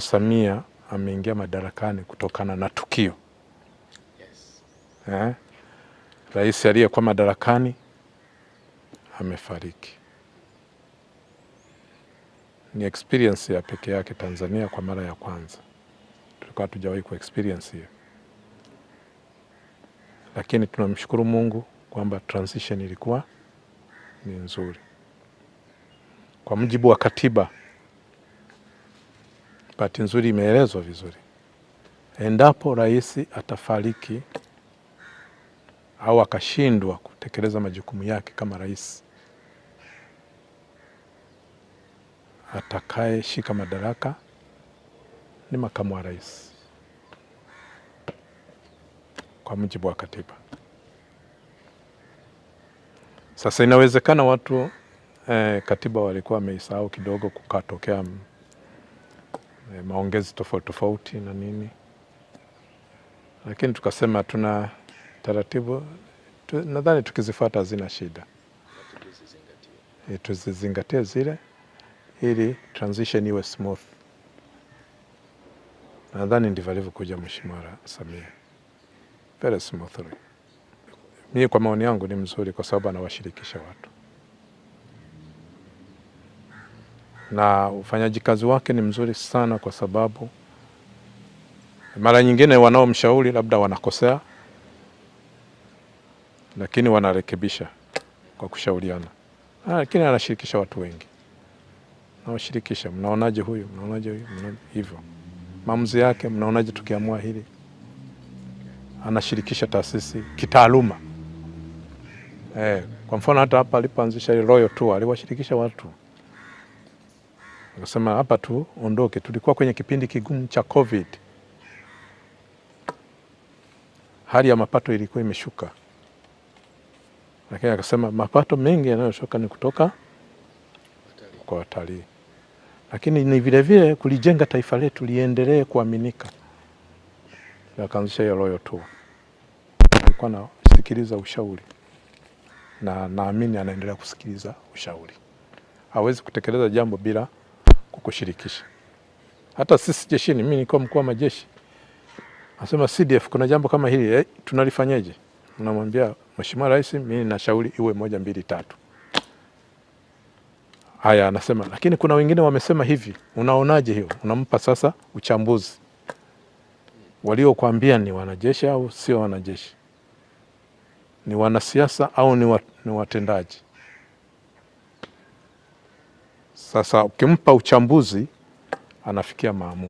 Samia ameingia madarakani kutokana na tukio yes. Eh, rais aliyekuwa madarakani amefariki. Ni experience ya pekee yake Tanzania, kwa mara ya kwanza tulikuwa hatujawahi ku experience hiyo, lakini tunamshukuru Mungu kwamba transition ilikuwa ni nzuri kwa mujibu wa katiba bahati nzuri imeelezwa vizuri. Endapo rais atafariki au akashindwa kutekeleza majukumu yake kama rais, atakayeshika madaraka ni makamu wa rais kwa mujibu wa katiba. Sasa inawezekana watu eh, katiba walikuwa wameisahau kidogo, kukatokea e, maongezi tofauti tofauti na nini, lakini tukasema tuna taratibu tu, nadhani tukizifuata hazina shida e, tuzizingatie zile ili transition iwe smooth. Nadhani ndivyo alivyokuja Mheshimiwa Samia, very smoothly. Mimi kwa maoni yangu ni mzuri, kwa sababu anawashirikisha watu. na ufanyaji kazi wake ni mzuri sana, kwa sababu mara nyingine wanaomshauri labda wanakosea, lakini wanarekebisha kwa kushauriana. Ah, lakini anashirikisha watu wengi, nawashirikisha, mnaonaje huyu, mnaonaje huyu, hivyo maamuzi yake, mnaonaje tukiamua hili. Anashirikisha taasisi kitaaluma. Eh, kwa mfano hata hapa alipoanzisha ile Royal Tour aliwashirikisha watu Nikasema hapa tu ondoke, tulikuwa kwenye kipindi kigumu cha Covid, hali ya mapato ilikuwa imeshuka, lakini akasema mapato mengi yanayoshuka ni kutoka kwa watalii, lakini ni vilevile kulijenga taifa letu liendelee kuaminika. Akaanzisha hiyo Royal Tour. Nilikuwa nasikiliza ushauri na naamini anaendelea kusikiliza ushauri, hawezi kutekeleza jambo bila kushirikisha. Hata sisi jeshini, mimi nilikuwa mkuu wa majeshi, nasema CDF, kuna jambo kama hili eh, tunalifanyeje? Unamwambia Mheshimiwa Rais, mimi nashauri iwe moja mbili tatu. Haya, anasema lakini kuna wengine wamesema hivi, unaonaje hiyo? Unampa sasa uchambuzi, waliokwambia ni wanajeshi au sio wanajeshi, ni wanasiasa au ni, ni watendaji sasa ukimpa uchambuzi anafikia maamuzi.